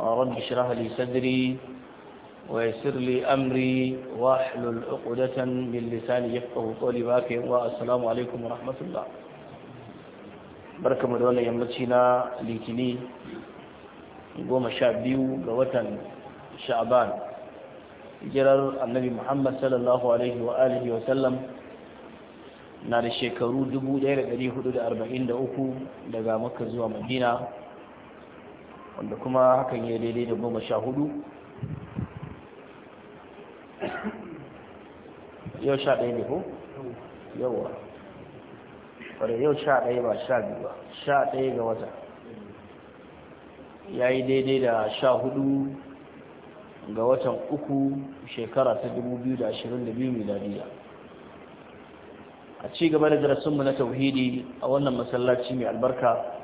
رب اشرح لي صدري ويسر لي أمري واحلل عقدة من لساني يفقه قولي باكي والسلام عليكم ورحمة الله barkamu da wannan yammaci litini goma sha biyu ga watan sha'aban jirar annabi muhammad sallallahu alaihi wa alihi wa sallam na da shekaru 1443 daga makar zuwa madina wanda kuma hakan ya daidai da goma sha hudu yau sha ɗaya ne ko? yauwa wadda yau sha ɗaya ba sha biyu ba sha ɗaya ga wata ya yi daidai da sha hudu ga watan uku shekara ta 2022 miladiya a ci gaba da darasinmu na tauhidi a wannan masallaci mai albarka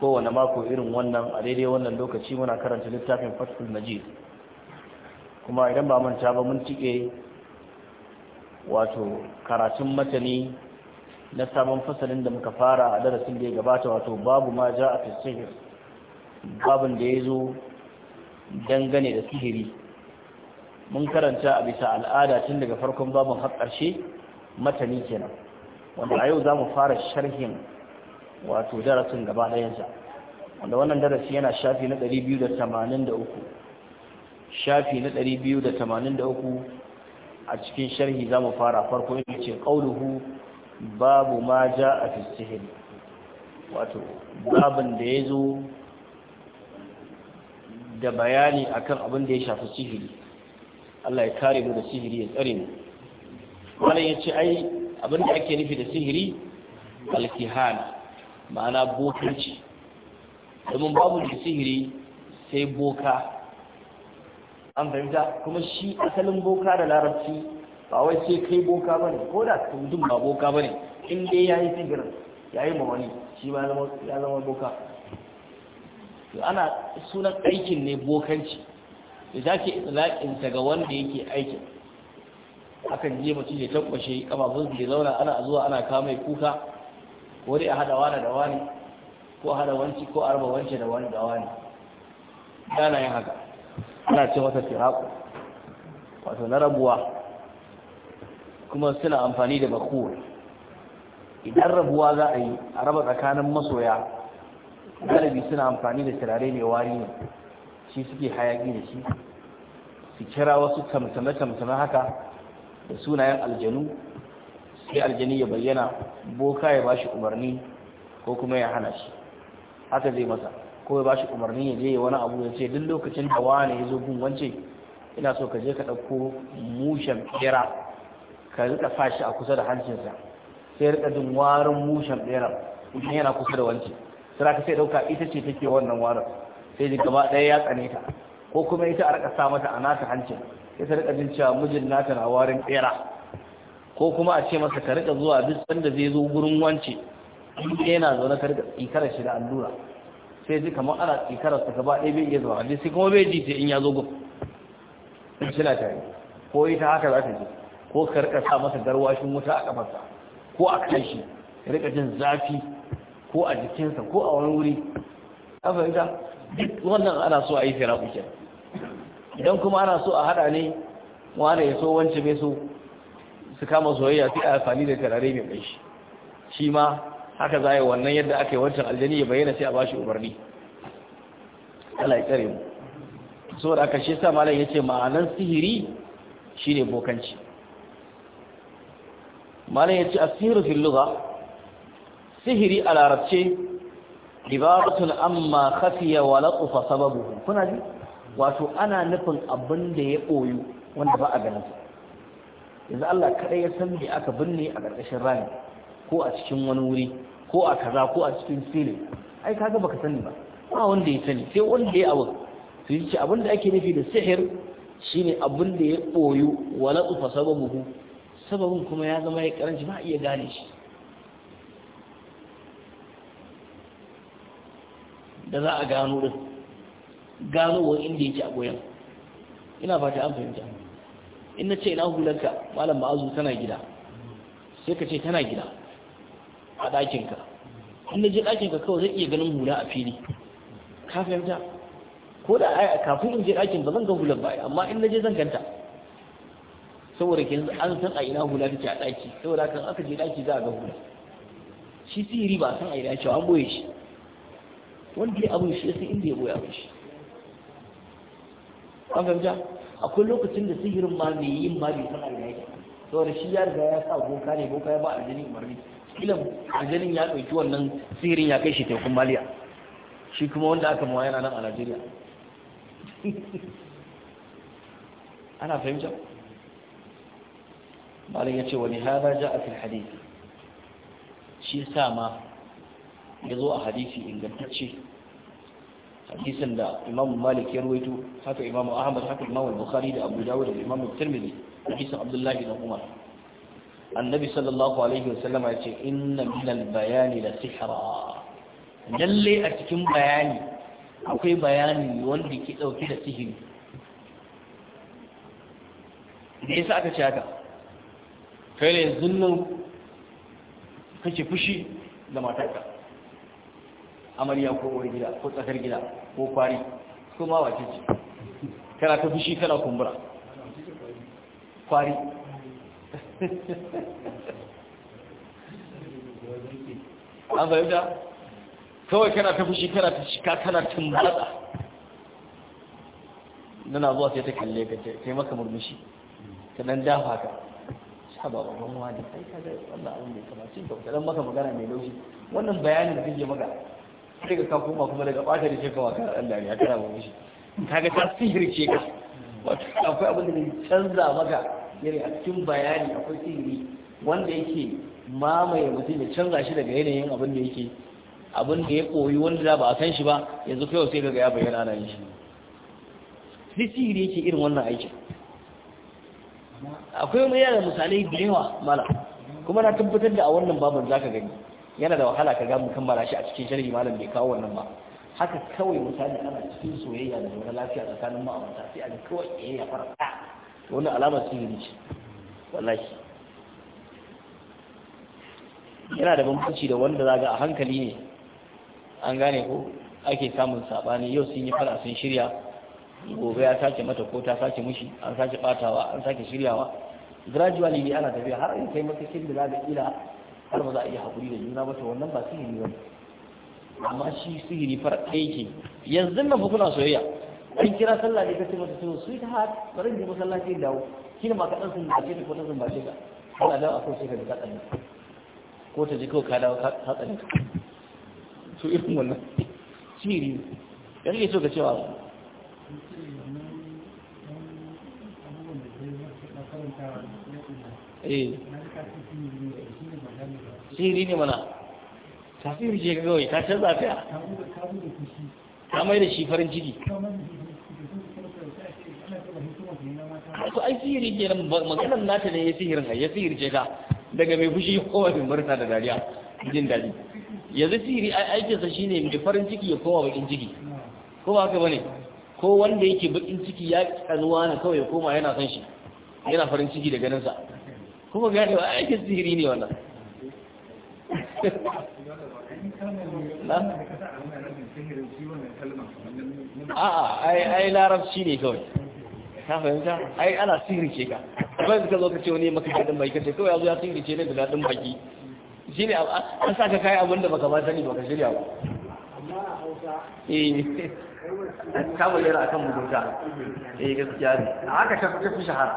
kowane mako irin wannan a daidai wannan lokaci muna karanta littafin fathul majid kuma idan ba manta ba mun cike wato karatun matani na sabon fasalin da muka fara a darasin da ya gabata wato babu ma ja a fisir babin da ya zo dangane da sihiri mun karanta a bisa al'ada tun daga farkon babin har ƙarshe matani kenan wanda a yau za mu fara sharhin wato darasin gaba ɗayansa wanda wannan darasi yana shafi na 283 shafi na 283 a cikin sharhi za mu fara farko yake ce ƙauluhu babu ma ja a fisihir wato babin da ya zo da bayani akan abin da ya shafi sihiri Allah ya kare mu da sihiri ya tsare mu wannan ya ce ai abin da ake nufi da sihiri alkihana ma'ana bokanci domin babu da sihiri sai boka an fahimta kuma shi asalin boka da larabci ba wai sai kai boka ba ne ko da mutum ba boka ba ne in dai ya yi sihirin ya yi mawani shi ba ya zama boka ana sunan aikin ne bokanci da za ke laƙinta ga wanda yake aikin akan je mutum ya tabbashe kafafun su ya zauna ana zuwa ana kama kuka ko dai a hada wani da wani ko a hada wanci ko a raba wanci da wani da wani dana yin haka ana ce wata firaku wato na rabuwa kuma suna amfani da bakur idan rabuwa za a yi a raba tsakanin masoya galibi suna amfani da turare mai wari ne shi suke hayaki da shi su kira wasu tamtame-tamtame haka da sunayen aljanu sai aljini ya bayyana boka ya bashi umarni ko kuma ya hana shi haka zai masa ko ya bashi umarni ya je wani abu ya ce duk lokacin da wani ya zo gun wance ina so ka je ka ɗauko mushen ɓera ka rika sa shi a kusa da hancinsa sai rika jin warin mushen ɓera idan yana kusa da wance sai ka sai ɗauka ita ce take wannan warin sai ji gaba ɗaya ya tsane ta ko kuma ita a rika sa mata a nata hancin sai ta rika jin cewa mijin nata na warin ɓera ko kuma a ce masa ka rika zuwa duk sanda zai zo gurin wance yana zaune ka karga ikara shi da allura sai ji kamar ana tsikarar sa gaba ɗaya bai iya zuwa dai sai kuma bai ji sai in ya zo gurin suna tare ko ita haka za ta ji ko ka rika sa masa garwashin wuta a kafarsa ko a kan shi ka rika jin zafi ko a jikinsa ko a wani wuri an fahimta duk wannan ana so a yi fira idan kuma ana so a haɗa ne wani ya so wance mai so su kama soyayya sai a amfani da tarare mai ƙanshi shi ma haka za a yi wannan yadda aka yi wancan aljani ya bayyana sai a bashi umarni ala ya tsare mu saboda aka shi sa malam ya ce ma'anan sihiri shi ne bokanci malam ya a asiru fi luga sihiri a larabce ibaratun amma khafiya wa latafa sababuhu kuna ji wato ana nufin abin da ya koyo wanda ba a ganin sa yanzu Allah kaɗai ya san me aka binne a ƙarƙashin rami ko a cikin wani wuri ko a kaza ko a cikin filin ai kaga baka sani ba ba wanda ya sani sai wanda ya abu su yi abinda da ake nufi da sihir shine abin da ya boyu wala ufa sababuhu sababin kuma ya zama ya karanci ba iya gane shi da za a gano din gano wani inda yake a goyon ina fata an fahimta in na ce ina hulanka malam ma'azu tana gida sai ka ce tana gida a ɗakinka in na je ɗakinka kawai zai iya ganin hula a fili ka fahimta ko da kafin in je ɗakin ba zan ga hular ba amma in na je zan ganta saboda ke an san a ina hula take a ɗaki saboda kan aka je ɗaki za a ga hula shi sihiri ba san a ina cewa an boye shi wanda ya abin shi ya san inda ya boye abin shi an fahimta akwai lokacin da sihirin ma mai yin ma bai san da yake saboda shi ya riga ya sa boka ne boka ya ba aljini umarni kila aljinin ya ɗauki wannan sihirin ya kai shi tekun maliya shi kuma wanda aka mawa yana nan a Najeriya ana fahimta malin ya ce wani haɗa ja a fil hadisi shi sa ma ya zo a hadisi ingantacce hadisin da imamu malik ya ruwaito haka imamu ahmad haka imamu bukhari da abu dawud da imamu tirmidhi hadisin abdullahi da umar annabi sallallahu alaihi wa sallama ya ce inna min bayani la sihra lalle a cikin bayani akwai bayani wanda ke dauke da sihiri me yasa aka ce haka kai ne yanzu nan kake fushi da matarka amarya ko wani gida ko tsakar gida ko kwari ko ma wace ce kana ta fushi kana kumbura kwari an fahimta kawai kana ta fushi kana ta shika kana tumbatsa nana zuwa sai ta kalle ka yi maka murmushi ta nan dafa ka sha ba ba ban wani sai ka ga wannan abin da ya kamata shi ka dan maka magana mai laushi wannan bayanin da kake maka sai ka koma kuma daga bata da shekara ka kan Allah ne ya kara mun shi ga ta sihirce ka wato akwai abin da zai canza maka yare a cikin bayani akwai sihiri wanda yake mamaye mutum ya canza shi daga yanayin abin da yake abin da ya koyi wanda da ba a san shi ba yanzu kai sai ga ya bayyana ana yin shi sai sihiri yake irin wannan aikin akwai wani yana misalai da yawa mala kuma na tabbatar da a wannan baban zaka gani yana da wahala ka ga mu kammala shi a cikin sharhi malam bai kawo wannan ba haka kawai misali ana cikin soyayya da zaune lafiya tsakanin ma'aurata sai a ga kawai eh ya farka ah! wannan alamar sihiri ce wallahi yana da bambanci da wanda ga a hankali ne an gane ko ake samun saɓani yau sun yi fara sun shirya gobe ya sake mata ko ta sake mushi an sake batawa an sake shiryawa gradually ne ana tafiya har in kai matakin da za ka ila har ba za a iya haƙuri da juna ba to wannan ba sihiri ba amma shi sihiri fara aiki. yanzu nan kuna soyayya an kira sallah ne ka ce mata to sweet heart bari ne masallaci dawo shi ne ma ka ɗan sumbace ka ko ta sumbace ka ana dawa a sai ka ji kaɗan ko ta ji kawai ka dawo ka tsanin su irin wannan sihiri yanzu ke so ka cewa ba eh sihiri ne mana tasiri ce ga kawai ta canza ta ta mai da shi farin ciki to ai sihiri ke nan maganan nata ne ya sihirin ya ce ka daga mai fushi kowa mai murna da dariya jin dadi yanzu sihiri ai aikinsa shi ne mai farin ciki ya koma bakin ciki ko ba haka bane ko wanda yake bakin ciki ya kanuwa na kawai ya koma yana son shi yana farin ciki da ganin sa kuma gane wa aikin sihiri ne wannan a'a ai ai larabci ne kawai ka fahimta ai ana sihiri ce ka yanzu ka zo ka ce wani maka gadin baki kace kawai yanzu ya sihiri ce ne da gadin baki shine an sa ka kai abinda baka ba sani baka shirya ba eh. ka bayyana akan mugunta eh gaskiya ne haka ta fi shahara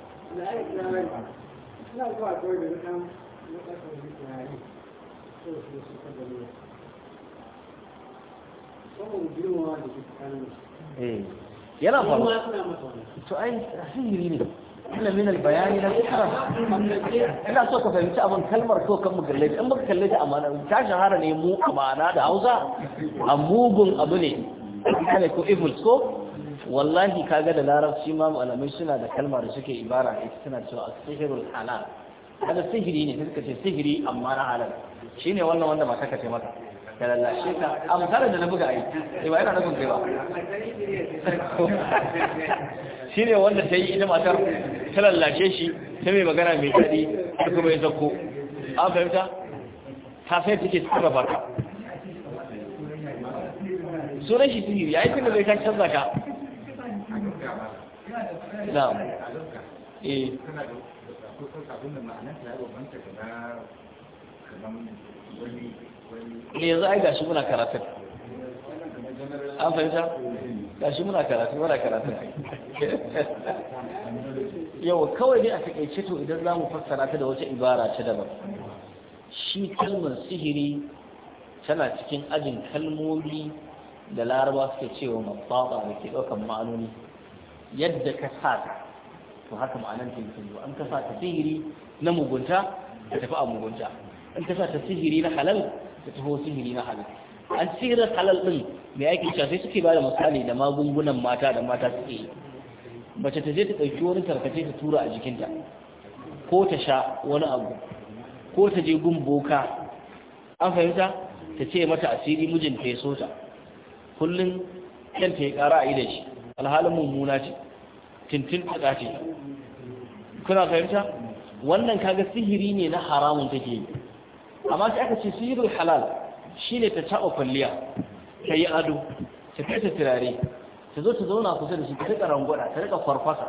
Eh, yana so ka fahimci abin kalmar so kan mu kalle in muka kalle ta amana ta shahara ne mu amana da Hausa a mugun abu ne kana ko evil ko wallahi kaga da larabci ma malamai suna da kalma da suke ibara ita suna cewa sihirul halal kaga sihiri ne suka ce sihiri amma na halal shine wannan wanda mata ka ce maka ka lallashe ka a misalin da na buga ai sai eh, ba yana nufin kai ba shine wanda ta yi ita matar ta lallashe shi ta mai magana mai daɗi ta kuma ya zakko an fahimta ta sai take sarrafa ka sunan shi sihiri Ya yi tunda zai kan canza ka Eh. Eh, yau ne gashi muna an fahimta gashi muna karatun muna karatun Yau kawai dai a takaice to idan za mu fassara ta da wata ibara ta daban shi kalmar sihiri tana cikin ajin kalmomi da laraba suke cewa mafafa da ke ɗaukar ma'anoni yadda ka sa ta to haka ma'anar tinkin an ka sa ta sihiri na mugunta ta tafi a mugunta an ka sa ta sihiri na halal ta tafi sihiri na halal an sihirar halal din mai aiki cewa sai suke da misali da magungunan mata da mata suke yi mace ta je ta ɗauki wani tarkace ta tura a jikinta ko ta sha wani abu ko ta je gun boka an fahimta ta ce mata asiri mijinta ya so ta kullum kyanta ya ƙara a yi da shi alhalin mummuna ce tintin tsaka ce kuna fahimta wannan kaga sihiri ne na haramun take yi amma sai aka ce sihirul halal shine ta taɓa kwalliya ta yi ado ta kai ta turare ta zo ta zauna kusa da shi ta rika rangwada ta rika farfasa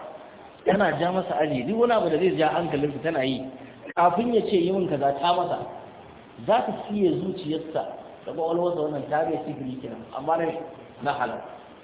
tana ja masa aji duk wani abu da zai ja hankalinsa tana yi kafin ya ce yi min kaza ta masa za ta siya zuciyarsa da ƙwaƙwalwarsa wannan ta bai sihiri kenan amma na halal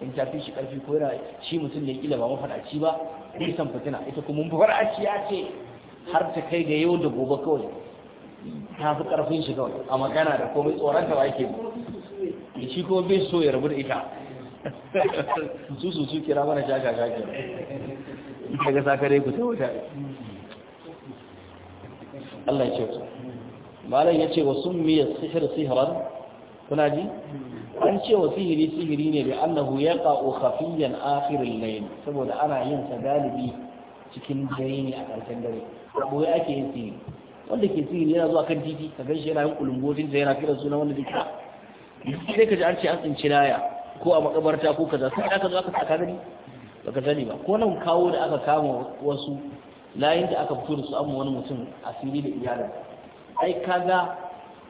in ta fi shi karfi ko yana shi mutum ne kila ba mafaɗaci ba bai san fitina ita kuma mafaɗaci ya ce har ta kai ga yau da gobe kawai ta fi karfin shi kawai a magana da komai tsoron ta ba yake shi kuma bai so ya rabu da ita su su su kira mana shaka shaka ita ga sakare ku ta wuta Allah ya ce malam ya ce wa sun sihir sihiran kuna ji an ce wa sihiri sihiri ne da annahu ya ƙa'o hafiyan akirin layin saboda ana yin sa galibi cikin dare ne a ƙarshen dare abu ya ake yin sihiri wanda ke sihiri yana zuwa kan titi ka ganshi yana yin kulungotin da yana kira suna wanda duk sai ka ji an ce an tsinci laya ko a makabarta ko kaza sai aka zo aka saka gani baka sani ba ko nan kawo da aka kama wasu layin da aka fito da su amma wani mutum asiri da iyalin ai kaga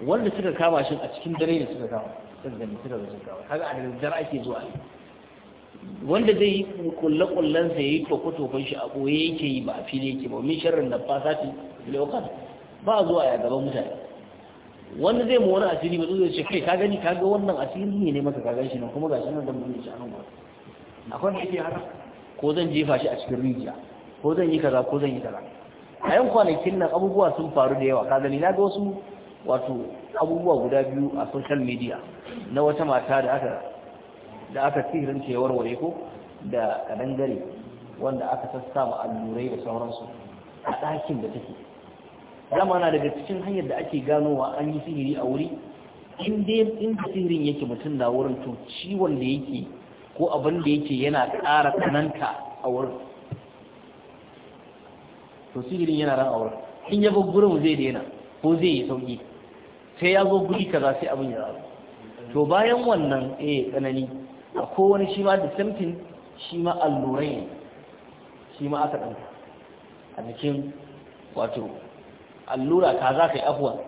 wanda suka kama shi a cikin dare ne suka kama suka da mutu da suka kawai haka a daddar ake zuwa wanda zai yi kulle kullen sa yi to kotofin shi a boye yake yi ba a fili yake ba min sharrin da fasati leokan ba zuwa ya gaban mutane wanda zai mu wani asiri ba zai ce kai ka gani ka ga wannan asiri ne ne maka ka gan shi nan kuma gashi nan da mun shi anan ba akwai da yake haka ko zan jefa shi a cikin rijiya ko zan yi kaza ko zan yi kaza a yan kwanakin nan abubuwa sun faru da yawa ka gani na ga wasu wato abubuwa guda biyu a social media na wata mata da aka da aka sihirin cewar waye ko da kadangare wanda aka sassa ma allurai da sauransu a ɗakin da take Zama na daga cikin hanyar da ake ganowa an yi sihiri a wuri in dai sihirin yake mutum na wurin to ciwon da yake ko abin da yake yana ƙara tsananta a wurin to sihirin yana ran a wurin in yaba gurin zai daina ko zai yi sauƙi? sai ya zo guri kaza sai abin ya rabu to bayan wannan eh tsanani a wani shi ma da samtin shi ma allurai ne shi ma aka ɗanta a jikin wato allura ka za ka yi afuwa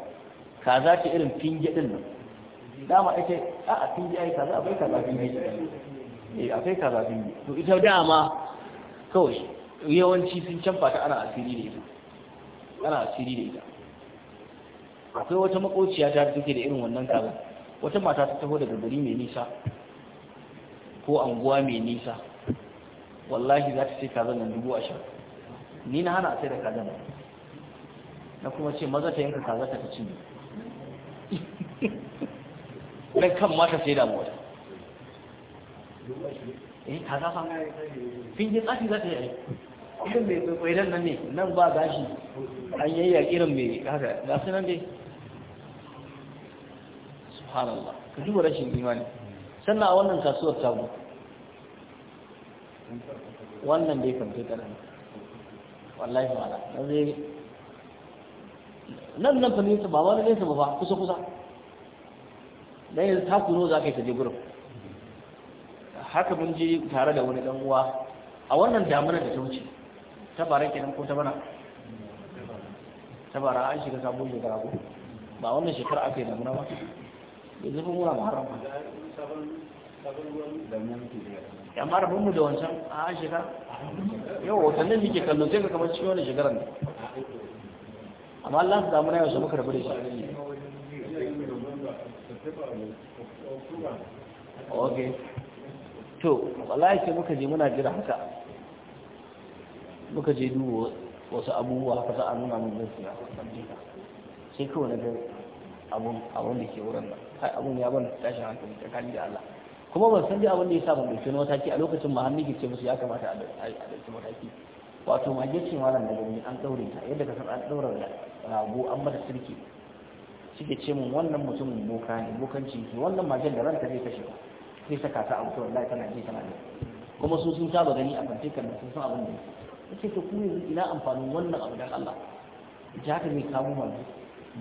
ka za ka irin finge ɗin nan dama ake a a finge ai kaza akwai kaza finge eh akwai kaza finge to ita dama kawai yawanci sun canfa ta ana asiri da ita ana asiri da ita akwai wata makociya ta take da irin wannan kaza wata mata ta taho daga gari mai nisa ko anguwa mai nisa wallahi za ta ce kazan nan dubu ashirin ni na hana a sai da kazan nan na kuma ce maza ta yanka kaza ta ta cinye Dan kan mata sai da mota. eh kaza fa fin ji tsafi za ta yi irin mai kwaikwaidan nan ne nan ba gashi an yayya irin mai haka ga su nan dai subhanallah ka duba rashin imani sannan a wannan kasuwar tamu wannan wallahi ma'ana na zai nan nan fa nesa ba wani nesa ba kusa kusa dan yanzu za ka yi ta je gurin haka mun je tare da wani dan uwa a wannan damuna da ta wuce ta bara kenan ko ta bana ta bara an shiga sabon shekara ko ba wannan shekara aka yi damuna ba yanzu ba mura muharram amma rabin mu da wancan a an shekara yau watannin muke kallo sai ka kamar cikin wani shekarar ne amma Allah ta damu na yau muka rabu da shi ok to wallahi sai muka je muna jira haka muka je duba wasu abubuwa haka za a nuna mun gaskiya sai kawai na gari abun abun da ke wurin nan kai abun ya ban tashin hankali tsakani da Allah kuma ban san dai abin da ya sa ban dauki wani mataki a lokacin ma hannu ce musu ya kamata a dauki mataki wato mage ce malam da gani an daure ta yadda ka san an daura rago an mata sirki suke ce min wannan mutumin boka ne bokanci ne wannan magen da ranta zai kashe zai saka ta a wuta wallahi tana ji tana ji kuma su sun saba gani a fantikar da sun san abin da yake ce ta kuma ina amfanin wannan abu dan Allah ita haka zai kawo malu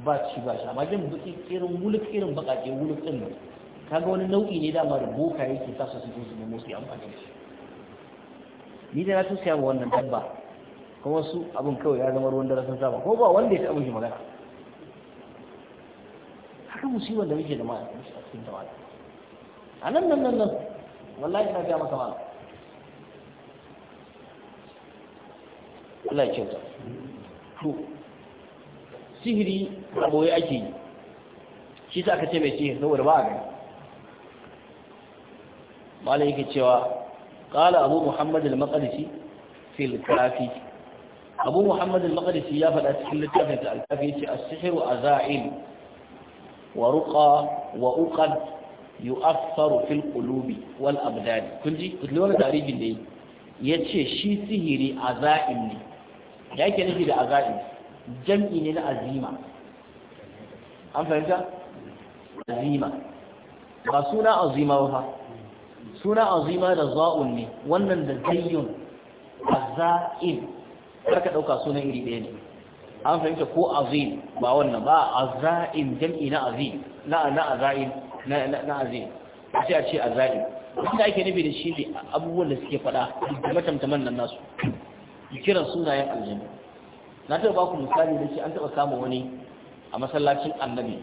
ba ci ba shi amma jin buki irin mulk irin bakake mulk din nan kaga wani nau'i ne da mar boka yake sa su su nemo su amfani shi ni da na tusaya wa wannan dabba kuma su abin kawai ya zama ruwan dare sun saba ko ba wanda ya taɓa shi magana haka musibar da yake da ma'a a cikin jama'a a nan nan nan nan wallahi na ga maka ma'a Allah ya kyauta to sihiri a boye ake yi shi ta aka ce mai sihiri saboda ba a gani malai yake cewa qala abu muhammad al-maqdisi fil kafi abu muhammad al-maqdisi ya faɗa cikin littafin da al-kafi yace as-sihru azail wa ruqa wa uqad yu'affaru fil qulubi wal abdan kun ji kullu wannan tarihin da yace shi sihiri azail ne yake nufi da azail jam'i ne na azima an fahimta azima ba suna azima ba suna azima da za'un ne wannan da zayyun aza'in ka ɗauka sunan iri ɗaya ne an fahimta ko azim ba wannan ba aza'in jam'i na azim na na aza'in na na azim sai a ce aza'in wanda ake nufi da shi ne abubuwan da suke faɗa da matamtaman nan nasu kiran sunayen aljanna na taɓa ba ku misali da shi an taɓa samu wani a masallacin annabi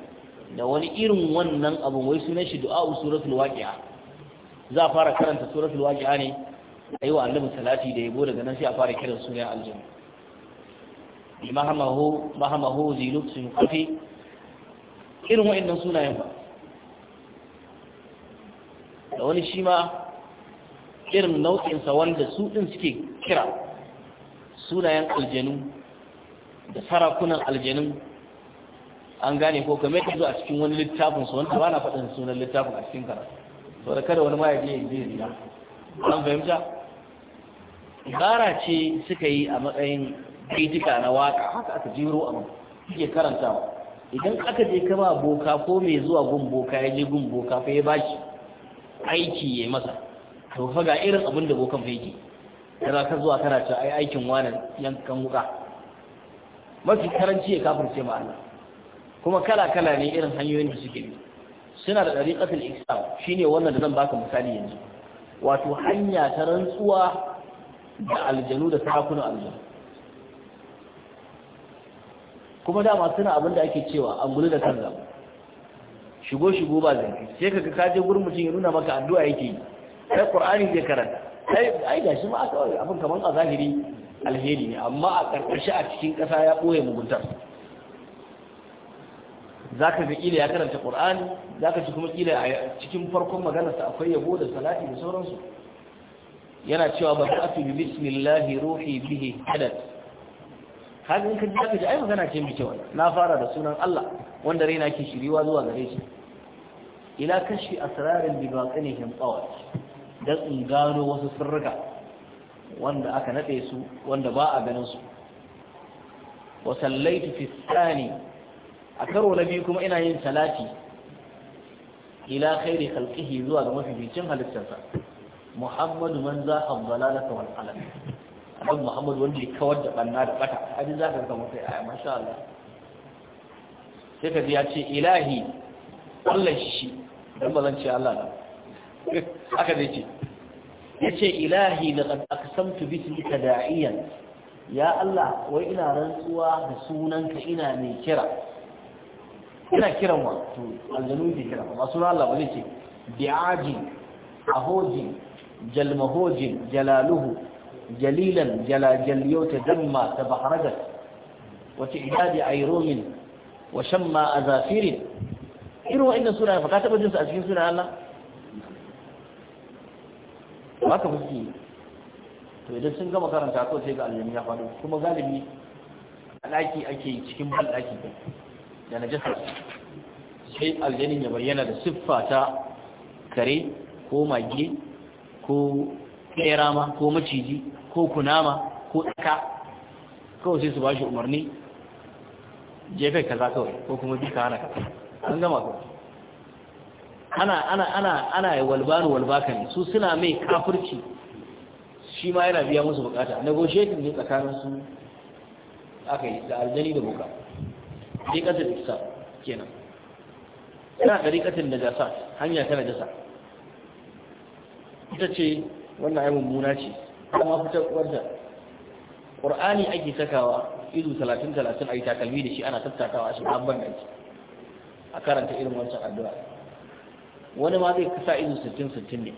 da wani irin wannan abu wai sunan shi du'a'u suratul waqi'a za a fara karanta suratul waqi'a ne a yi wa annabi salati da yabo daga nan sai a fara kiran sunan aljanna mahamahu mahamahu zilut sun kafi irin wa'annan sunayen ba da wani shi ma irin nau'insa wanda su ɗin suke kira sunayen aljanu da sarakunan aljanun an gane ko kamar yadda zo a cikin wani littafin su wanda ba na faɗin sunan littafin a cikin karatu da kada wani ma ya je ya an fahimta ibara ce suka yi a matsayin kritika na waka haka aka jiro a mu suke karanta. idan aka je kama boka ko mai zuwa gun boka ya je gun boka fa ya shi aiki ya masa to fa ga irin abin da bokan fa yake kaza ka zuwa kana ta ai aikin wani yankan wuka mafi karanci ya kafirce ma Allah kuma kala kala ne irin hanyoyin da suke suna da dariqatul islam shine wannan da zan baka misali yanzu wato hanya ta rantsuwa da aljanu da sakunan aljanu kuma dama suna abin da ake cewa an gudu da kan zama shigo shigo ba zanki sai ka ka je gurin mutum ya nuna maka addu'a yake yi sai qur'ani zai karanta sai ai gashi ma aka abin kamar a zahiri alheri ne amma a karkashi a cikin ƙasa ya ɓoye muguntar za ka ga ya karanta Kur'ani? za ka ci kuma ƙila a cikin farkon maganarsa akwai yabo da salati da sauransu yana cewa ba ta fi bismillahi ruhi bihi hadat kaga in ka ji aka ji ai magana ce mai kyau na fara da sunan Allah wanda raina ke shiriwa zuwa gare shi ila kashi asrarin bi baqinihim tawat dan in gano wasu sirrika wanda aka nade su wanda ba a ganin su wa sallaitu fi tsani a karo na biyu kuma ina yin salati ila khairi khalqihi zuwa ga mafificin halittarsa muhammadu man za a dalalata wal alam abin muhammadu wanda ya kawar da banna da bata abin za ka ga mutai a masha Allah sai ka ya ce ilahi Allah shi don ba zan ce Allah na aka zai ce yace ilahi laqad aqsamtu ta da'iyan ya Allah wai ina rantsuwa da sunanka ina mai kira ina kiran wa to aljanu ke kira amma sunan Allah ba zai ce bi'aji ahoji jalmahoji jalaluhu jalilan ta damma ta tabaharagat wa ti'dadi ayrumin wa shamma zafirin? irin wa'annan sunaye fa ka taba jinsu a cikin sunan Allah ba ka fuske to idan sun gama karanta to sai ga aljami ya faɗo kuma galibi a ɗaki ake cikin ban da na jasa sai aljanin ya bayyana da siffa ta kare ko mage ko ɗera ma ko maciji ko kunama ko ɗaka kawai sai su ba shi umarni jefe kaza kawai ko kuma duka hana kaza an gama kawai ana ana ana ana walbanu walbaka ne su suna mai kafirci shi ma yana biya musu bukata negotiating ne tsakanin su aka yi da aljani da buka dikatul isa kenan ina da da najasa hanya ta najasa ita ce wannan ai mummuna ce kuma fitar kwarta qur'ani ake sakawa ido 30 30 ai takalmi da shi ana tattakawa shi an da shi a karanta irin wancan addu'a wani ma zai kasa izu sittin sittin ne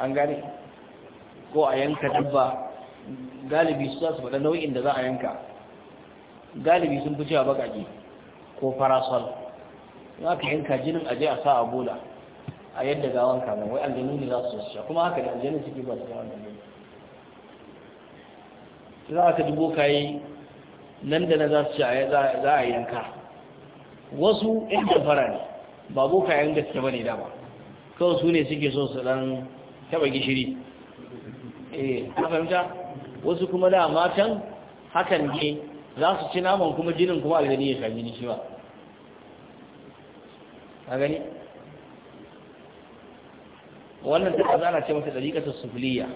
an gane ko a yanka dabba galibi su za su faɗa nau'in da za a yanka galibi sun fi cewa baƙaƙe ko farasol za ka yanka jinin aje a sa a bola a yadda gawan kamar wai aljanu ne za su sha kuma haka da aljanu suke ba su gawon da ne za ka dubo kayi nan da na za su ci za a yanka wasu yan jamfara ne ba boka 'yan gaske ba ne dama kawai su ne suke so su dan taba gishiri eh ka fahimta wasu kuma da matan hakan ne za su ci naman kuma jinin kuma aljani ya sami ni shi ba a gani wannan ta kaza na ce mata dariƙatar sufliya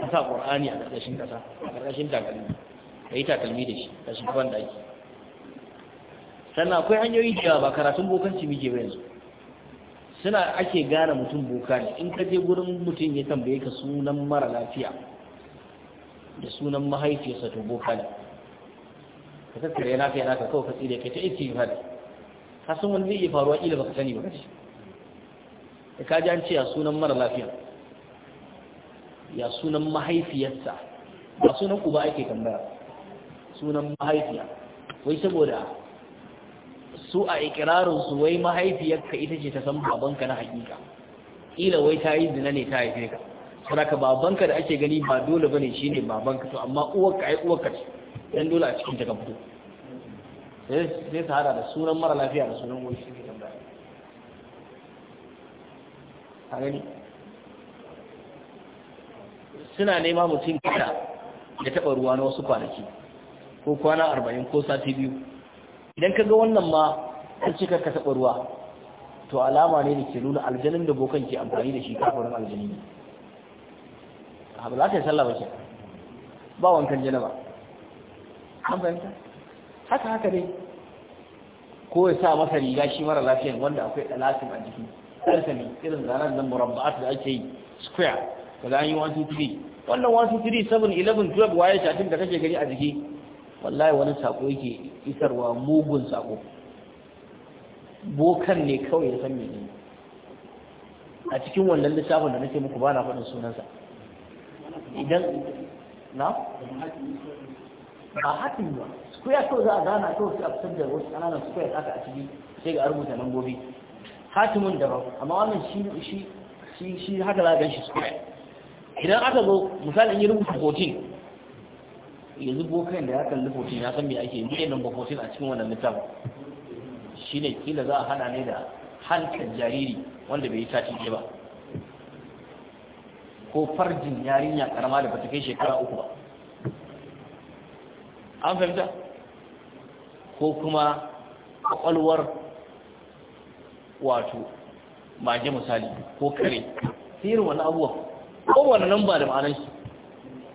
ta sa ƙur'ani a ƙarƙashin ƙasa a ƙarƙashin takalmi ka yi takalmi da shi a shi kwan ɗaki sannan akwai hanyoyi da ba karatun bokanci muke ba yanzu suna ake gane mutum boka ne in ka je gurin mutum ya tambaye ka sunan mara lafiya da sunan mahaifiyarsa to boka ne ka tattara yana ka yana ka kawai ka tsira ka ta ita yi hada ka san wani zai iya faruwa ila baka sani ba ce da ka ji an ce ya sunan mara lafiya ya sunan mahaifiyarsa ba sunan uba ake tambaya sunan mahaifiya wai saboda su a ikirarin su wai mahaifiyarka ita ce ta san babanka na hakika ila wai ta yi zina ne ta haife ka saboda babanka da ake gani ba dole bane shine babanka to amma uwarka ai uwarka ce dan dole a cikin ta ka fito sai su hada da sunan mara lafiya da sunan wani shi gidan tambaya a gani suna nema mutum kira da taɓa ruwa na wasu kwanaki ko kwana arba'in ko sati biyu idan ka ga wannan ma an ci ka taɓa ruwa to alama ne da ke nuna aljanin da bokan ke amfani da shi kafin aljani ne abu za ka yi sallah ba ke ba wankan janaba an fahimta haka haka ne. ko ya sa masa riga shi mara lafiyan wanda akwai ɗalatin a jiki ƙarfani irin zanen nan murabba'at da ake yi square ka za yi 1 wannan 1 2 7 11 12 waye shafin da kake gani a jiki wallahi wani sako yake isarwa mugun sako bokan ne kawai ya san mene a cikin wannan lissafin da nake muku ba na faɗin sunansa idan na ba hatin ba square kawai za a gana kawai su a fitar da wasu ƙananan square aka a ciki sai ga gobe lambobi da ba amma wannan shi shi shi shi haka za a gan shi square idan aka zo misali in yi rubuta 14 yanzu bokan da ya kalli 14 ya san me ake yi ne number 14 a cikin wannan littafin Shi ne kila za a hana ne da hantar jariri wanda bai yi sati ba ko farjin yarinya karama da bata kai shekara uku ba an fahimta ko kuma kwakwalwar wato maje misali ko kare sirin wani abuwa wani nan ba da ma'anar shi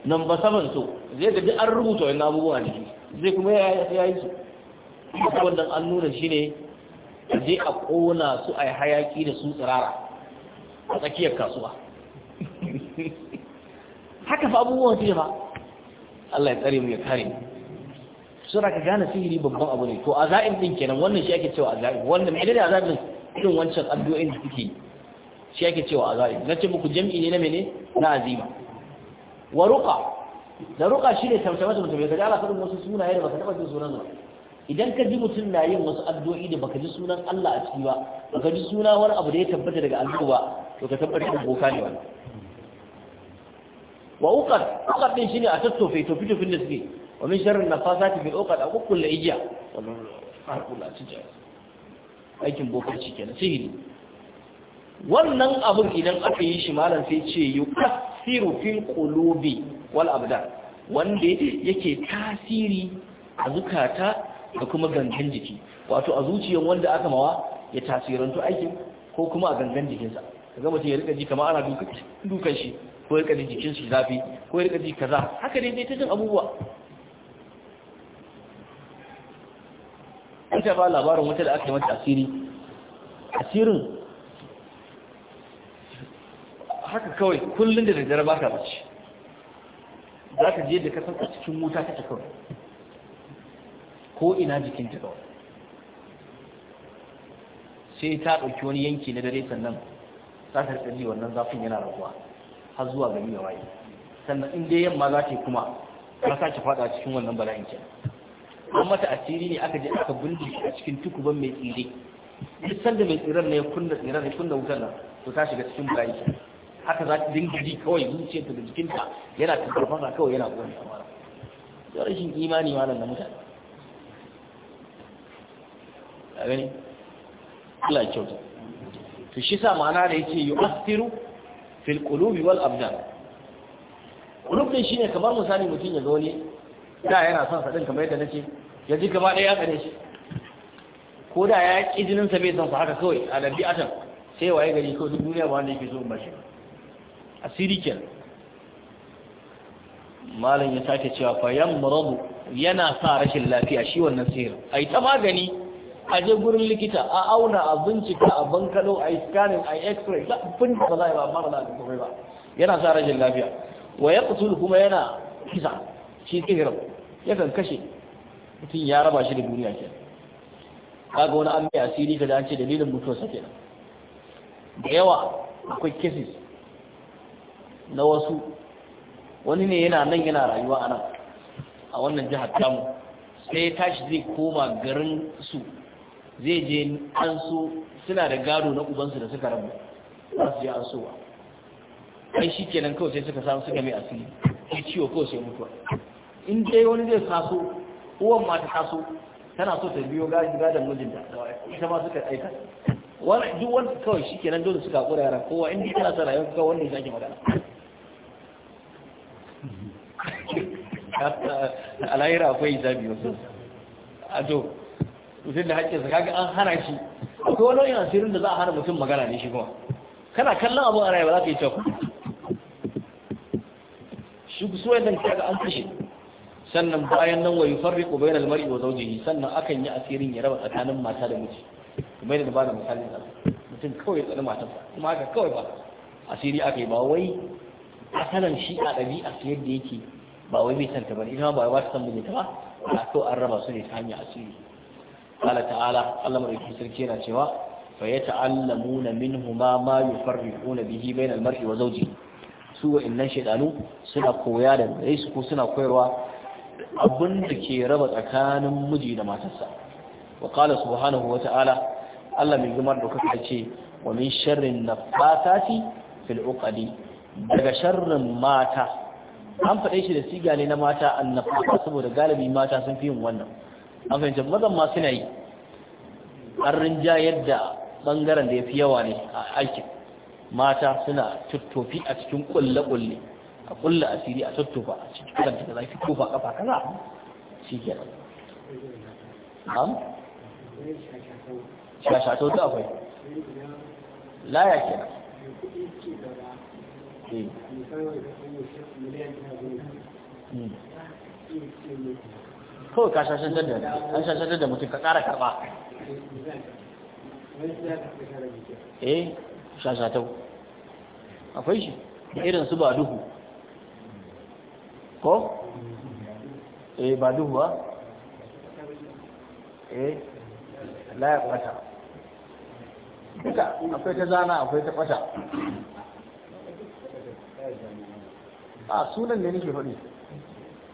nan ba saman so zai gaji an rubuta wani abubuwa ne zai kuma ya yi su wannan an nuna shi ne a je a ƙona su a yi hayaƙi da su tsirara a tsakiyar kasuwa haka fa abubuwan su ba Allah ya tsare mu ya kare mu suna ka gane sihiri babban abu ne to azaim din kenan wannan shi ake cewa azaim wannan idan da azaim irin wancan addu'o'in da kuke shi ake cewa azaim nace muku jam'i ne na mene na azima wa ruqa da ruqa shine tamtamata mutum ya ga Allah kadin wasu sunaye da baka taba jin sunan su idan ka ji mutum na yin wasu addu'o'i da baka ji sunan Allah a ciki ba baka ji suna wani abu da ya tabbata daga Allah ba to ka tabbata da boka ne wani wa uqad uqad din shine a tattofe to fito fin da suke wa min sharri nafasati fi uqad a kullu ijja wannan harkula aikin boka kenan sihiri wannan abun idan aka yi shi malam sai ce yukassiru fi qulubi wal abdan wanda yake tasiri a zukata da kuma gangan jiki wato a zuciyar wanda aka mawa ya tasirantu aikin ko kuma a gangan jikinsa Ka zama ce ya rika ji kama ana dukan shi ko ya rika ji jikin shi zafi ko ya rika ji kaza haka dai dai ta jin abubuwa an ba labarin wata da aka yi mata asiri asirin haka kawai kullum da daddare ba ka bace za ka je da kasan a cikin wuta ta kawai ko ina jikinta kawai sai ta ɗauki wani yanki na dare sannan za ta rika ji wannan zafin yana raguwa har zuwa gami ya waye sannan in dai yamma za ta yi kuma ta sake fada cikin wannan bala'in kenan an mata asiri ne aka je aka bulbi a cikin tukuban mai tsire duk sanda mai tsirar ne ya kunna tsirar ya kunna wutar nan to ta shiga cikin bala'i haka za ta dinga ji kawai zuciyarta da jikinta yana tabbata kawai yana gona samara da rashin imani malam na mutane a gani Allah kyauta to shi sa ma'ana da yake yu'athiru fil qulubi wal abdan qulub din shine kamar misali mutum ya ga wani da yana son sa kamar yadda nake ya ji gaba ɗaya ya kare shi ko da ya ki jinin sa bai san fa haka kawai a atan sai waye gari kawai duk duniya ba wanda yake so ba shi asiri kenan malam ya sake cewa fa yamradu yana sa rashin lafiya shi wannan sihir ai ta magani a je gurin likita a auna a bincika a bankalo a scanning a x-ray da fin ba za a yi ba mara lafi kuma ba yana sa rashin lafiya wa ya kuma yana kisa shi ya kan kashe mutum ya raba shi da duniya ke kaga wani an mai asiri ka dace dalilin mutuwarsa kenan da yawa akwai cases na wasu wani ne yana nan yana rayuwa a nan a wannan jihar tamu sai ya tashi zai koma garin su zai je an so suna da gado na ubansu da suka rabu za su je an sowa kai shi kenan kawai sai suka samu suka mai asiri ya ciwo kawai sai mutuwa in dai wani zai taso uwan ma ta taso tana so ta biyo gadon mijinta ita ma suka aika wani duk wani kawai shi kenan dole suka haƙura yara kowa inda tana sa rayuwa kawai wanda ya sake magana a lahira akwai hisabi wasu a to mutum da haƙƙinsa kaga an hana shi akwai wani nau'in asirin da za a hana mutum magana ne shi kuma kana kallon abin a rai ba za ka yi cewa shi ku suwa yadda kaga an kashe sannan bayan nan wa yufarriqu bayna al-mar'i wa zawjihi sannan akan yi asirin ya raba tsakanin mata da miji kuma yadda ba da misalin da mutum kawai tsani matarsa kuma haka kawai ba asiri aka yi ba wai asalin shi a ɗabi'a su yadda yake ba wai bai santa ba ita ma ba wai ba ta san ta ba a to an raba su ne ta hanyar asiri qala ta'ala Allah madaukakin sarki yana cewa fa yata'allamuna minhuma ma yufarriquna bihi bainal mar'i wa zawjihi su wa'annan shaydanu suna koya da gare su ko suna koyarwa abin da ke raba tsakanin miji da matarsa wa qala subhanahu wa ta'ala Allah mai gumar da kuka ce wa min sharrin nafatati fil uqadi daga sharrin mata an faɗe shi da siga ne na mata annafa saboda galibi mata sun fi yin wannan an fahimci mazan ma suna yi an rinja yadda bangaren da ya fi yawa ne a aikin mata suna tuttofi a cikin kulle-kulle a kulle asiri a tuttofa a cikin kanta da zafi tofa kafa kaza shi ke nan shashatau ta akwai laya ke nan eh. hmm. kawai ka shashantar da an shashantar da mutum ka tsara karɓa eh shashatau akwai shi irin su ba duhu ko eh ba duhu ba eh la ya kwata duka akwai ta zana akwai ta kwata a ah, sunan ne nake faɗi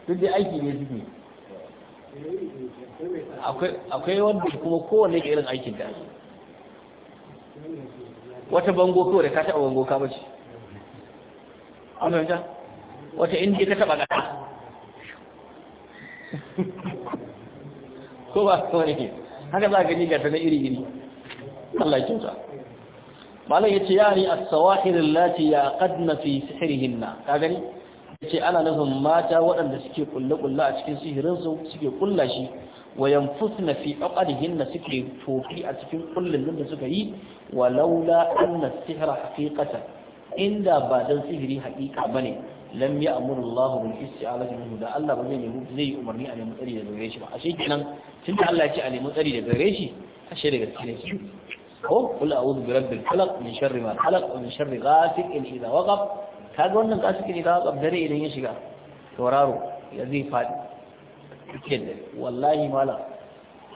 duk da aiki ne suke akwai wanda kuma kowane irin aikin da wata bango kawai da ka taɓa bango ka bace an wata inda ka taɓa gata ko ba kawai ne haka za a gani gata na iri gini. Allah kyauta malam yace yani tsawahirin lati ya kadna fi na ka gani yace ana nufin mata waɗanda suke kulle-kulle a cikin sihirinsu suke kulla shi wa yanfusna fi na suke tofi a cikin kullun da suka yi wa laula anna sihra haqiqatan inda ba dan sihiri haqiqa bane lam ya'muru Allah bil isti'alati minhu da Allah ba zai nemi zai umarni a nemi tsari daga gare shi ba ashe kenan tunda Allah ya ce a nemi tsari daga gare shi ashe daga cikin shi ko kula a'udhu bi rabbil falaq min sharri ma khalaq wa min sharri ghasiqin idha waqab kaga wannan kasu ne ka kabdare idan ya shiga tauraro ya zai faɗi cikin da wallahi mala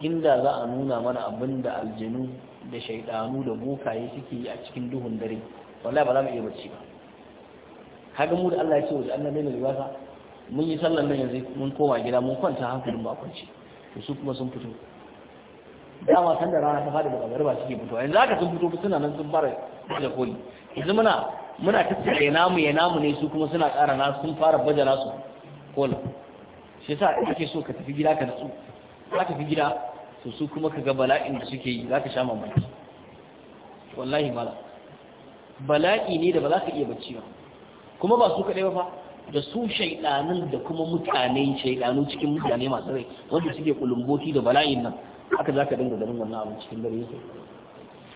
inda za a nuna mana abin da aljanu da shaidanu da bokaye suke yi a cikin duhun dare wallahi ba za mu iya bacci ba kaga mu da Allah ya ce wa annabi ne libasa mun yi sallan nan yanzu mun koma gida mun kwanta hankalin ba kwanci to su kuma sun fito dama san da rana ta fadi daga garba suke fito yanzu haka sun fito suna nan sun fara da koli yanzu muna muna tattara ya namu ya namu ne su kuma suna ƙara nasu sun fara baje nasu kola shi ita ke so ka tafi gida ka natsu ka fi gida to su kuma ka ga bala'in da suke yi za ka sha mamaki wallahi mala bala'i ne da ba za ka iya bacci ba kuma ba su kaɗai ba fa da su shaiɗanun da kuma mutane shaiɗanu cikin mutane masu rai wanda suke kulumboti da bala'in nan haka za ka dinga ganin wannan abin cikin dare yake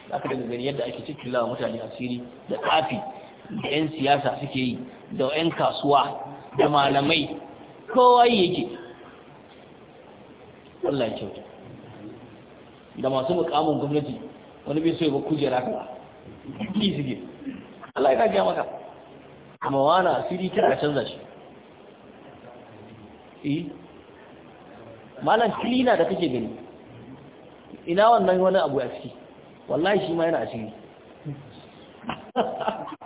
za ka dinga ganin yadda ake cikin lawa mutane asiri da tsafi da 'yan siyasa suke yi da 'yan kasuwa da malamai kowa yi yake Allah ya kyauta da masu mukamin gwamnati wani bai so ya ba kujera kaza ki ke Allah ya kage maka amma wana asiri kira canza shi eh malam kilina da kake gani ina wannan wani abu a ciki wallahi shi ma yana a ciki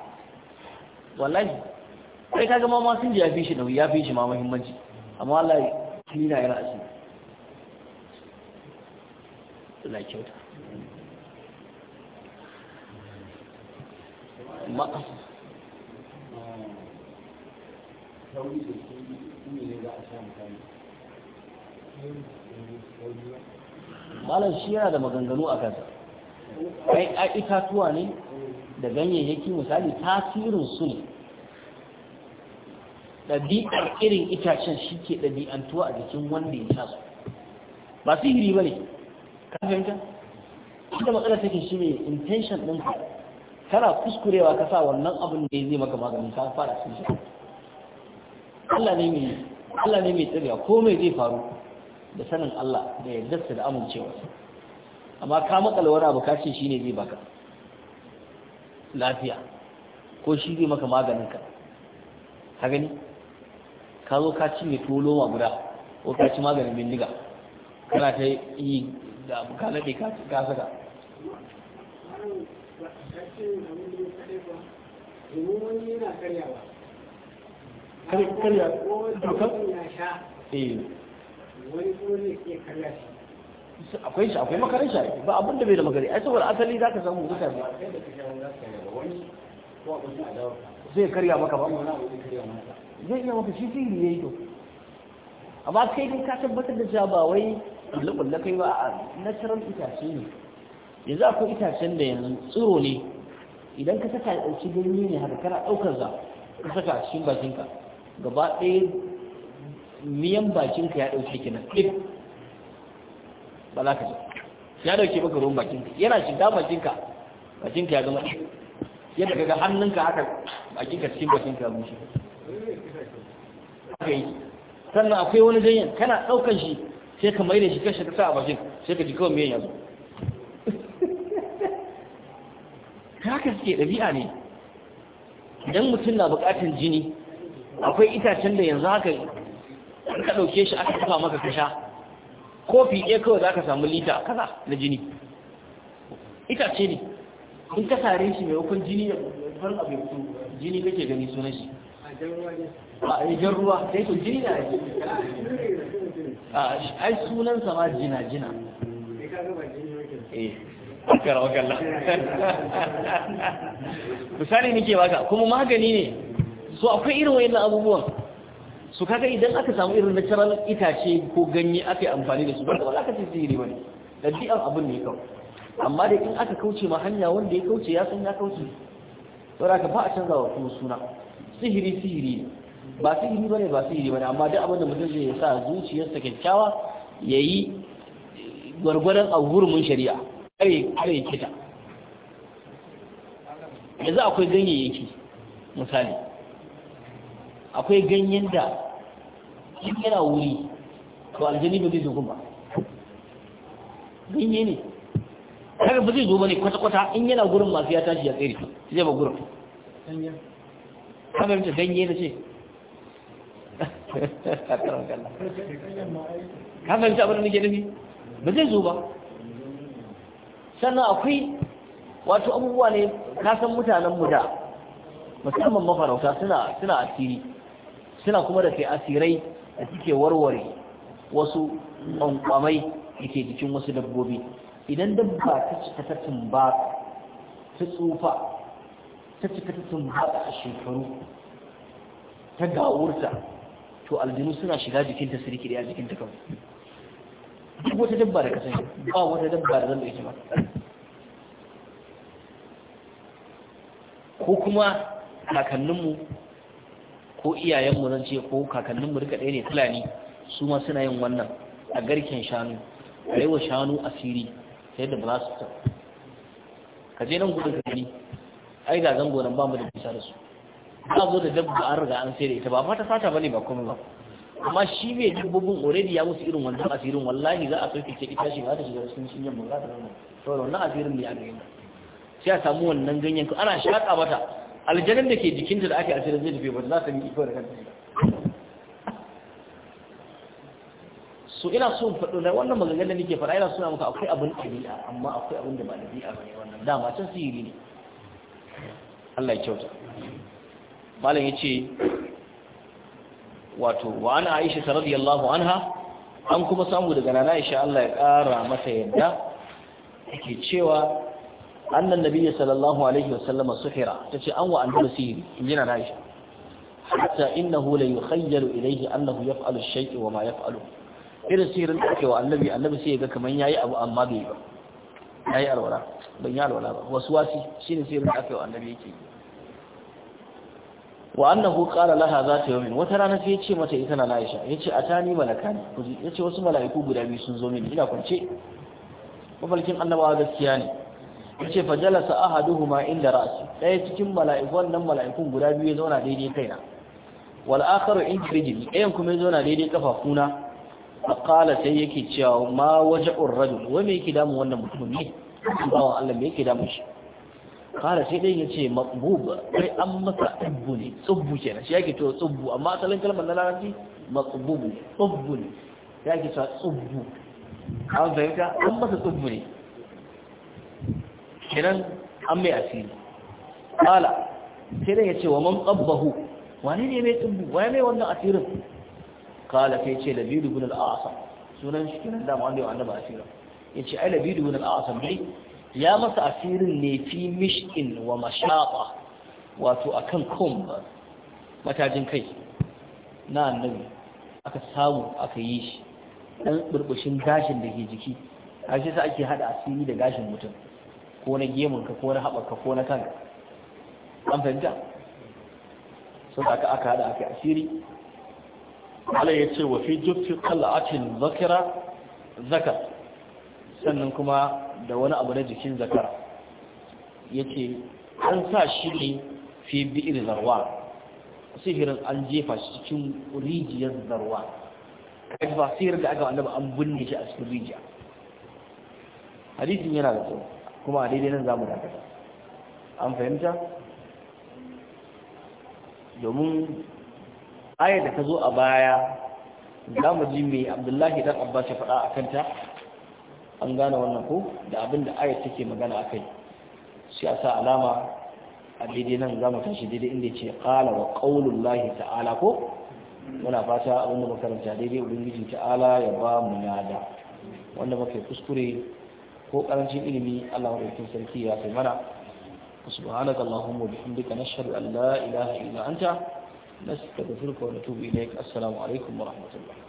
wallahi kai kaga ma ma sun ji ya fi shi nauyi ya fi shi ma muhimmanci amma wallahi na yana asiri Allah kyauta ma malam shi yana da maganganu a kansa ai itatuwa ne da ganyayyaki misali tasirin su ne ɗabi'ar irin itacen shi ke ɗabi'antuwa a jikin wanda ya taso ba su sihiri ba ne kafinta inda matsala take shi mai intention ka. kana kuskurewa ka sa wannan abin da ya zai maka maganin ka fara sun shi Allah ne mai Allah ne mai tsirya ko mai zai faru da sanin Allah da yardarsa da amincewa amma ka matsalwara wani abu shi ne zai baka lafiya ko shi zai maka maganin ka ha gani ka zo ka cinye tolo loma guda ko ka ci maganin bindiga kana ta yi da abu ka naɗe ka saka karya to karyawa. Eh. wani kuma ne ke karya akwai shi akwai makarin shi ba abin da bai da magari ai saboda asali za ka samu mutane zai karya maka ba zai iya maka shi ne ya yi to amma kai dai ka tabbatar da cewa ba wai kulle-kulle kai ba a natural itace ne yanzu akwai itacen da yanzu tsiro ne idan ka saka a ɗauki birni ne haka kana ɗaukar za ka saka a cikin bakinka gaba ɗaya miyan bakinka ya ɗauki kenan. ba za ka ji ya dauke maka ruwan bakinka yana shiga bakinka bakinka ya zama yadda kaga hannunka haka bakinka cikin bakinka ya mushi haka yi sannan akwai wani ganyen kana ɗaukan shi sai ka mai da shi kashe ka sa a bakin sai ka ji kawai mai yanzu haka suke ɗabi'a ne idan mutum na bukatar jini akwai itacen da yanzu haka ka ɗauke shi aka kafa maka ka sha kofi ɗaya kawai za ka samu lita kaza na jini itace ne in ka sare shi mai hukun jini ya farin abu ya jini kake gani sunan shi a jan ruwa sai to jini na ake ai sunan sama jina jina eh kara wakalla misali nike baka kuma magani ne so akwai irin wayannan abubuwan su kaga idan aka samu irin natural itace ko ganye aka yi amfani da su ba kuma aka ba ne bane da diyan abin ne kawai amma da in aka kauce ma hanya wanda ya kauce ya san ya kauce saboda ka ba a canza wa kuma suna sihiri sihiri ba sihiri bane ba sihiri bane amma duk abin da mutum zai sa zuciyarsa kyakkyawa yayi gwargwaron a hurumin shari'a kare kare kita yanzu akwai ganyayyaki misali akwai ganyen da in yana wuri to aljani ba zai zo ba ganye ne kaga ba zai zo ba ne kwata-kwata in yana gurin masu ya tashi ya tsere zai ba gurin kamar ta ganye na ce kamar ta abin da nake nufi ba zai zo ba sannan akwai wato abubuwa ne kasan mutanen mu da musamman mafarauta suna asiri suna kuma da asirai da suke warware wasu kwankwamai da ke jikin wasu dabbobi idan dabba ta cika ta tumba ta tsufa ta cika ta tumba a shekaru ta gawurta to aljinu suna shiga jikinta su rikide a jikinta kawai duk wata dabba da kasance ba wata dabba da zama ita ba ko kuma kakanninmu ko iyayenmu zan ce ko kakanninmu duka ɗaya ne fulani su ma suna yin wannan a garken shanu a wa shanu asiri ta yadda ba za su tafi ka je nan gudun gani ai ga zango nan ba mu da bisa da su za zo da dabba an riga an sai da ita ba fata fata bane ba kuma ba amma shi bai dabbobin already ya musu irin wannan asirin wallahi za a ce ita shi ba ta shiga cikin shinyan ba za ta nan saboda wannan asirin ne a gare sai a samu wannan ganyen ana shaƙa mata aljanin da ke jikinta da ake asirin zai tafi ba za ta yi kawai da kanta so ina so in faɗo na wannan maganganun da nake faɗa ina suna maka akwai abin ɗabi'a amma akwai abin da ba ɗabi'a ba ne wannan dama can sihiri ne Allah ya kyauta malam ya ce wato wa ana aisha ta radiyallahu anha an kuma samu daga nana aisha Allah ya ƙara masa yadda ake cewa annan nabiyyi sallallahu alaihi wasallam suhira tace an wa annabi sihiri injina Aisha hatta innahu la yukhayyalu ilayhi annahu yaf'alu ash-shay'a wa ma yaf'alu irin sihirin da ake wa annabi annabi sai ga kaman yayi abu amma bai ba yayi alwala ban yi alwala ba wasu wasi shine sihirin da ake wa annabi yake wa annahu qala laha zata yawmin wata rana sai yace mata ita na Aisha yace atani malakani kuji yace wasu mala'iku guda biyu sun zo mini ina kwance mafarkin annabawa gaskiya ne yace fa jalasa ahaduhuma inda ra'si ɗaya cikin mala'ikun nan mala'ikun guda biyu zauna daidai kaina wal akharu inda rijli ɗayan kuma ya zauna daidai kafafuna qala sai yake cewa ma waja'ur rajul wai me yake damu wannan mutumin ne bawan Allah me yake damu shi kara sai dai yace maqbub kai an masa tsubbu ne tsubbu kenan shi yake to tsubbu amma asalin kalmar na larabci maqbub tsubbu ne yake cewa tsubbu an fahimta an masa tsubbu ne kenan an mai asiri kala sai da ya ce wa man tsabbahu wane ne mai tsubbu wane mai wannan asirin kala sai ce labidu bin al'asam sunan shi kenan dama wanda yawa annaba asirin ya ce ai labidu bin al'asam dai ya masa asirin ne fi mishkin wa mashaƙa wato akan kan matajin kai na annabi aka samu aka yi shi ɗan burbushin gashin da ke jiki a shi sa ake haɗa asiri da gashin mutum ko na gemunka ko na haɓaka ko na kanka an fahimta sun aka aka haɗa aka asiri Allah ya ce wa fi juffi qal'atin zakara zakar sannan kuma da wani abu na jikin zakar. Ya ce an sa shi ne fi bi'ir zarwa sihirin an jefa shi cikin rijiyar zarwa kai ba sihir da aka annabi an binne shi a cikin rijiya hadisin yana da tsawo kuma a daidai nan za mu dakata an fahimta domin ayar da ta zo a baya za mu ji mai abdullahi dan abbas ya faɗa a kanta an gane wannan ko da abin da ayar take magana a kai shi a sa alama a daidai nan za mu tashi daidai inda ce ƙala wa ƙaunin lahi ta'ala ko muna fata abinda makaranta daidai ubangiji ta'ala ya ba mu nada wanda muka kuskure ko karancin ilimi Allah madaukakin sarki ya kai mana subhanaka allahumma bihamdika nashhadu an la ilaha illa anta nastaghfiruka wa natubu ilaik assalamu alaikum wa rahmatullah